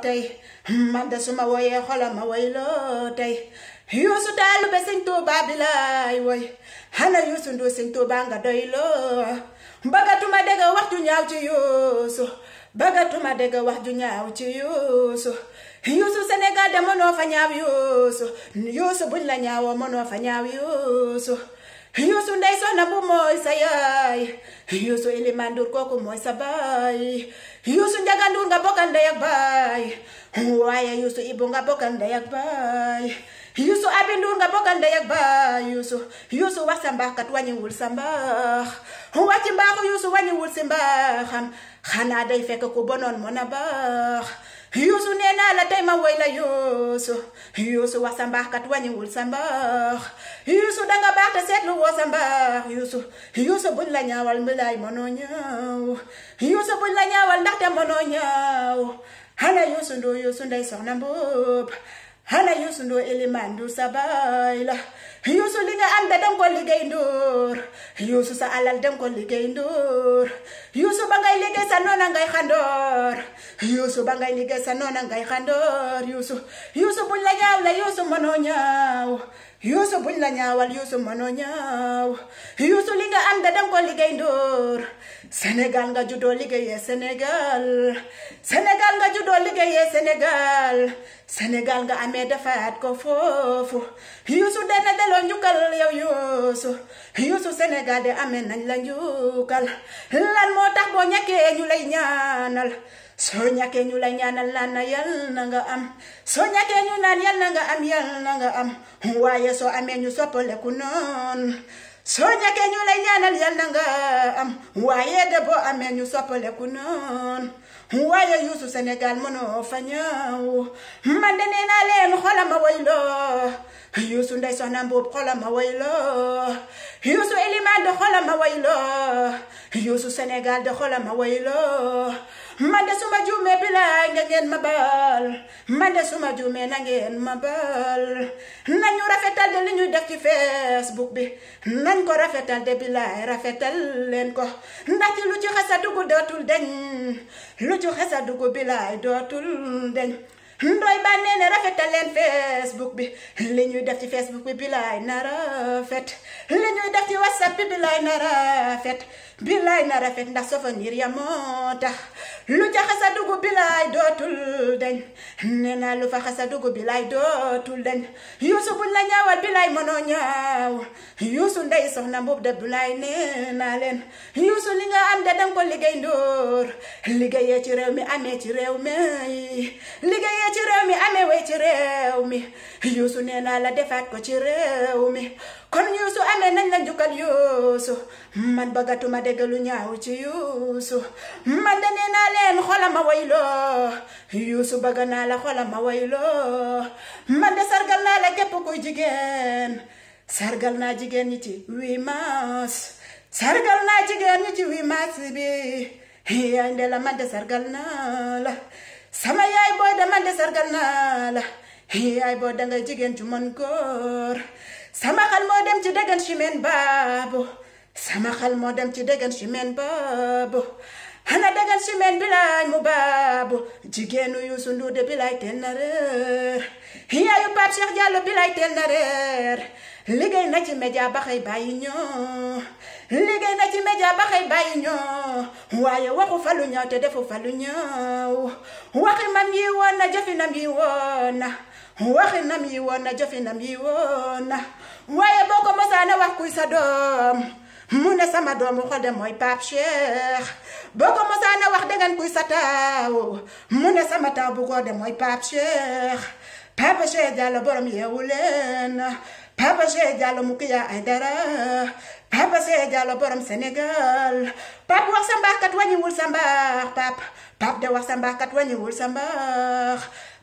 tey man de su ma woyee xolam ma woy loo tey yuusu taalu be sëñ Tuubaa bi laay woy xana yuusu ndu sëñ Tuubaa nga doy loo bëggatuma dégg wax ju ñaaw ci yuusu bëggatuma dégg wax yuusu yuusu Sénégal mënoo fa ñaaw yuusu yuusu buñ la ñaawoo mënoo ñaaw yuusu yuusu ndey soxna bu mooy sa yaay yuusu Ilimaan kooku mooy sa baay Yusu njakandu ngaboka ndayak bay. Waya yusu ibu ngaboka ndayak bay. Yusu abindu ngaboka ndayak bay. Yusu yusu wasambah katwanyi wulsambah. Wachimbahu yusu wanyi wulsimbah. Khana day feke kubonon monabah. yuusu nee naa la tey ma woy la yuusu yuusu wax sa mbaax kat wàññiwul sa mbaax yuusu danga baax te seetlu woo sa mbaax yuusu yuusu buñ la ñaawal mbilaay mënoo ñaaw yuusu buñ la ñaawal ndaxte mënoo ñaaw xana yuusu ndoo yuusu ndey soxna mbub xana yuusu ndoo ilimaan du sa baay la yuusu li nga am da dem ko liggéey ndóor yuusu sa alal dem ko liggéey ndóor yuusu ba ngay liggéey sa noona ngay xandoor yuusu ba ngay liggéey sa noona ngay xandoor yuusu yuusu buñ la ñaaw la yuusu mënoo ñaaw ñaaw yuusu li nga am da dem ko liggéey ndóor Sénégal nga juddoo liggéeyee Sénégal Sénégal nga juddoo liggéeyee Sénégal Sénégal nga amee defaat ko foofu yuusu dana deloo njukkal yow yuusu yuusu Sénégal de amee nañ la njukkal lan moo tax boo ñàkkee ñu lay ñaanal soo ñàkkee ñu lay ñaanal naan na yal na nga am soo ñàkkee ñu naan yal na nga am yal na nga am waaye soo amee ñu soppaleku noonu soo ñàkkee ñu lay ñaanal yàlla nga am waaye de boo amee ñu soppaleku noonu waaye yuusu Sénégal mënoo fa ñëw man de nee naa leen xolama wayloo yuusu ndey soxna mbuub xolama wayloo yuusu Elimaan de xolama wayloo yuusu Sénégal de xolama wayloo man de suma juumee bilaay nga ngeen ma baal man de suma juumee na ngeen ma baal nañu rafetal de li ñuy def ci Facebook bi nañ ko rafetal de bilaay rafetal leen ko ndax ci lu ci xasa dugg dootul deñ lu ci xasa dugg bilaay dootul deñ ndoy ba nee ne rafetal leen facebook bi li ñuy def ci facebook bi bilaay na rafet li ñuy def ci whatsapp bi bilaay na rafet bilaay na rafet ndax souvenir ya moo tax lu ca dugub bi laay dootul dañ nee naa lu fa xasa dugub bi lay dootul dañ yuusu buñ la ñaawal bi laay mënoo ñaaw yuusu ndey soxna mbub da bu laay nee naa leen yuusu li nga am de danga ko liggéey ndóor liggéeyee ci réew mi amee ci réew mi liggéeyee ci réew mi amee way ci réew mi yuusu nee la defaat ko ci réew mi kon yuusu amee nañ la njukkal yuusu man bëggatuma dégg lu ñaaw ci yuusu man de nee naa leen xolama wayloo yuusu bëgg naa la xolama wayloo man de sargal naa la képp kuy jigéen sargal naa jigéen ñi ci huit sargal naa jigéen ñi ci huit mars bi yaay nde la man de sargal naa la sama yaay booy de de sargal naa la yaay boo da jigéen ju mën góor sama xel moo dem ci dëggan si men baabu sama xel moo dem ci dëggan si men baabu xana dëggan si men bilaay mu baabu jigéenu Yuusu Nduur de bilaay teel na reer yaayu Pape Cheikh Diallo bilaay teel na reer liggéey na ci média ba xëy bàyyi ñoo liggéey na ci média ba xëy bàyyi ñoo waaye waxu falu ñëw te defu falu ñëw waxi mam yi woon na jëfinam yi woon na waxi nam yi woon na jëfinam yi woon na waaye boko mosa mosaana wax kuy sa doom mu sama doomu xol de mooy Pape Cheikh boo ko mosaana wax dangeen kuy sa taaw mu sama taaw bu góor de mooy pap Cheikh Pape Cheikh Diallo borom yeewu leen Cheikh Diallo mu kiyaa ay dara Pap Cheikh Diallo borom Sénégal Pap wax sa mbaaxkat wàññiwul sa mbaax pap Pape de wax sa mbaaxkat wàññiwul sa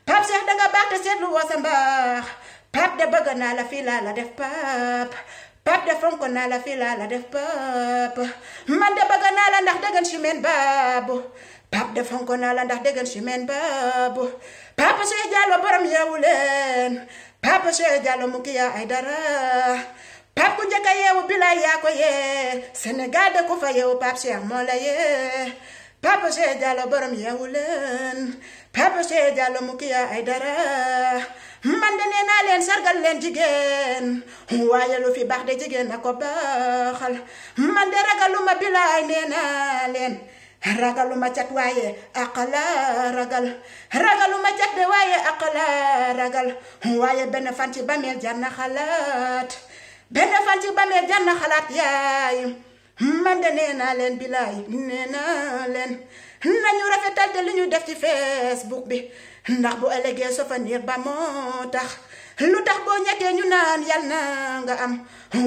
Cheikh sa pap de bëgg naa la fii laa la def pap pap de fonk naa la fii laa la def pap man de bëgg naa la ndax dëggan si meen baabu pap de fonk naa la ndax dëggan si meen baabu papa Cheikh Diallo borom yeewu leen papa Cheikh Diallo mu kii yaa ay dara pap ku njëkk yeewu bilaay yaa ko yee Sénégal de ku fa yeewu pap Cheikh moo la yee papa Cheikh Diallo borom yeewu leen papa Cheikh Diallo mu kii ay dara man de nee naa leen sargal leen jigéen waaye lu fi baax de jigéen a ko baaxal man de ragaluma bilaay nee naa leen ragaluma cat waaye aqala ragal ragaluma cat de waaye aqala ragal waaye benn fan ci bameel jar xalaat benn fan ci bameel jar xalaat yaay. man de nee naa leen bilaay nee naa leen nañu rafetal de li ñu def ci facebook bi ndax bu ëllëgee souvenir ba moo tax lu tax boo ñettee ñu naan yal na nga am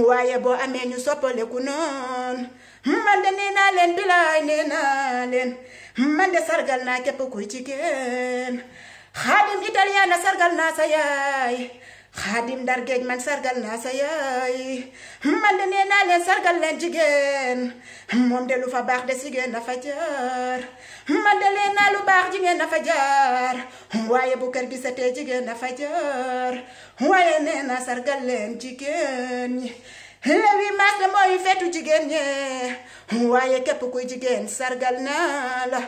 waaye boo amee ñu soppaleku noonu man de nee naa leen bilaay nee naa leen man de sargal naa képp kuy jigéen xaadim italien sargal naa sa yaay Khadim dar geej man sargal na sa yaay man de neena le sargal len jigen mom de lu fa bax de na fa jaar man de leen naa lu jigen na fa jaar waye bu sa te jigen na fa jaar waye neena sargal len jigen le huit mars la mooy feetu jigéen kuy jigen sargal na la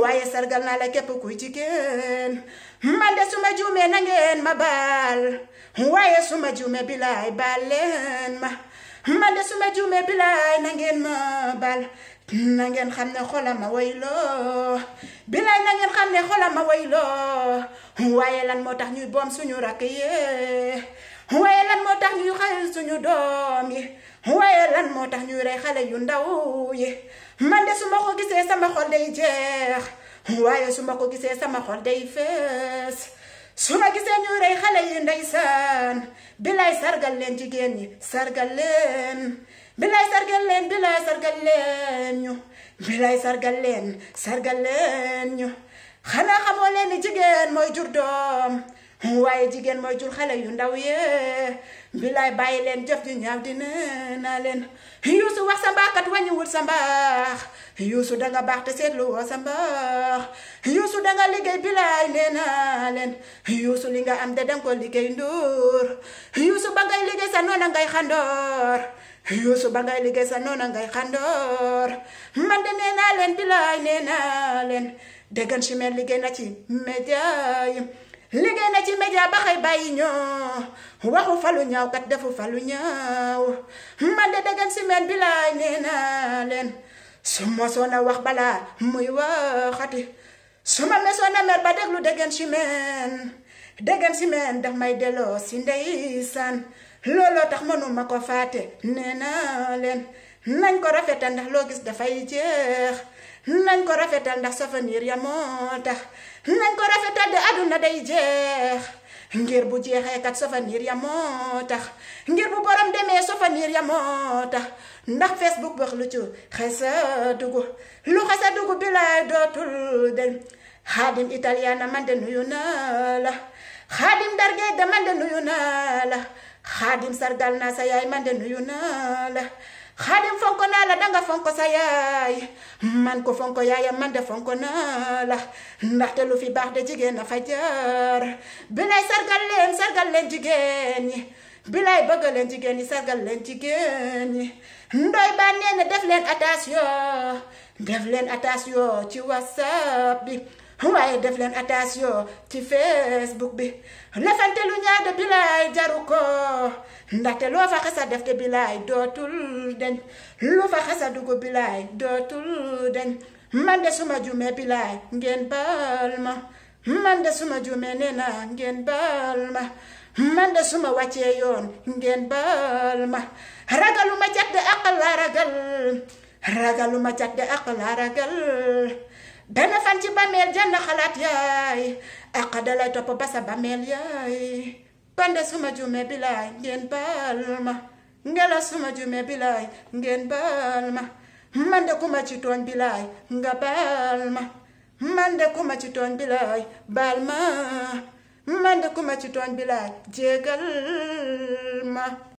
waye sargal na la kep kuy jigen man de su ma juumee na ngeen ma baal waaye su ma juumee bilaay baal leen ma man de su ma juumee bilaay na ngeen ma baal na ngeen xam ne xolama wayloo bilaay na ngeen xam ne xolama wayloo waaye lan moo tax ñuy boom suñu rakk yee waaye lan moo tax ñuy xayal suñu doom yi waaye lan moo tax ñuy rey xale yu ndaw yi man de su ma ko gisee sama xol day jeex. waaye su ma ko gisee sama xol day fees su ma gisee ñu rey xale yi ndeysaan bilaay sargal leen jigéen ñi sargal leen bilaay sargal leen bilaay sargal leen ñu bilaay sargal leen sargal leen ñu xanaa xamoo leen jigéen mooy jur doom waaye jigéen mooy jur xale yu ndaw yee billaay bàyyi leen jëf ju ñaaw dina naa leen yuusu wax sa mbaaxkat wàññiwul sa mbaax yuusu danga baax te seetlu woo sa mbaax yuusu danga liggéey billaay nee naa leen yuusu li nga am de danga ko liggéey nduur yuusu ba ngay liggéey sa noona ngay xandoor yuusu ba ngay liggéey sa noona ngay xandoor man de nee naa leen billaay nee naa leen dëggan si mel liggéey na ci média yi liggéey na ci média ba xëy bàyyi ñoo waxu falu ñaawkat kat defu falu ñaaw man de dëggan semaine bi laay nee leen su mosoon a wax balaa muy waxati su ma mesoon a mer ba déglu dëggan semaine dëggan semaine daf may delloo si ndeysaan looloo tax ma ko fàtte nee naa leen nañ ko rafetal ndax loo gis dafay jeex nañ ko rafetal ndax safanir ya moo tax nañ ko rafetal de àdduna day jeex ngir bu jeexee kat safanir ya moo tax ngir bu borom demee safanir ya moo tax ndax facebook bax lu ci xasa dugu lu xasa dugu bi laay dootul den xaadim italiana man de nuyu naa la xaadim dargeej da man de nuyu naa la xaadim sargal naa sa yaay man de nuyu naa la xaadim fonko naa la danga fonko sa yaay man ko fonk yaayam man de fonko naa la ndaxte lu fi baax de jigéen a fa jaar bilay sargal leen sargal leen jigéen ñi bilay bëgg leen jigéen ñi sargal leen jigéen ñi ndoy ba def leen attention def leen attention ci whatsapp bi waaye def leen attention ci facebook bi lefante lu ñaade bilaay jaru ko ndaxte loo fa xasa def te bilaay dootul deñ lu fa xasa dugg bilaay dootul deñ man de suma jume bilaay ngeen baal ma man de suma jume nee ngeen baal ma man de suma wàccee yoon ngeen baal ma ragaluma cat de àq laa ragal ragaluma cat de àq laa ragal benn ci bàmmeel jënd xalaat yaay àq dalay topp ba sa bàmmeel yaay man de suma juumee bilaay ngeen baal ma ngela suma juumee bilaay ngeen ci tooñ bilaay nga baal ma man de kuma ci tooñ bilaay baal ma man de ku ma ci tooñ bi laay jégal ma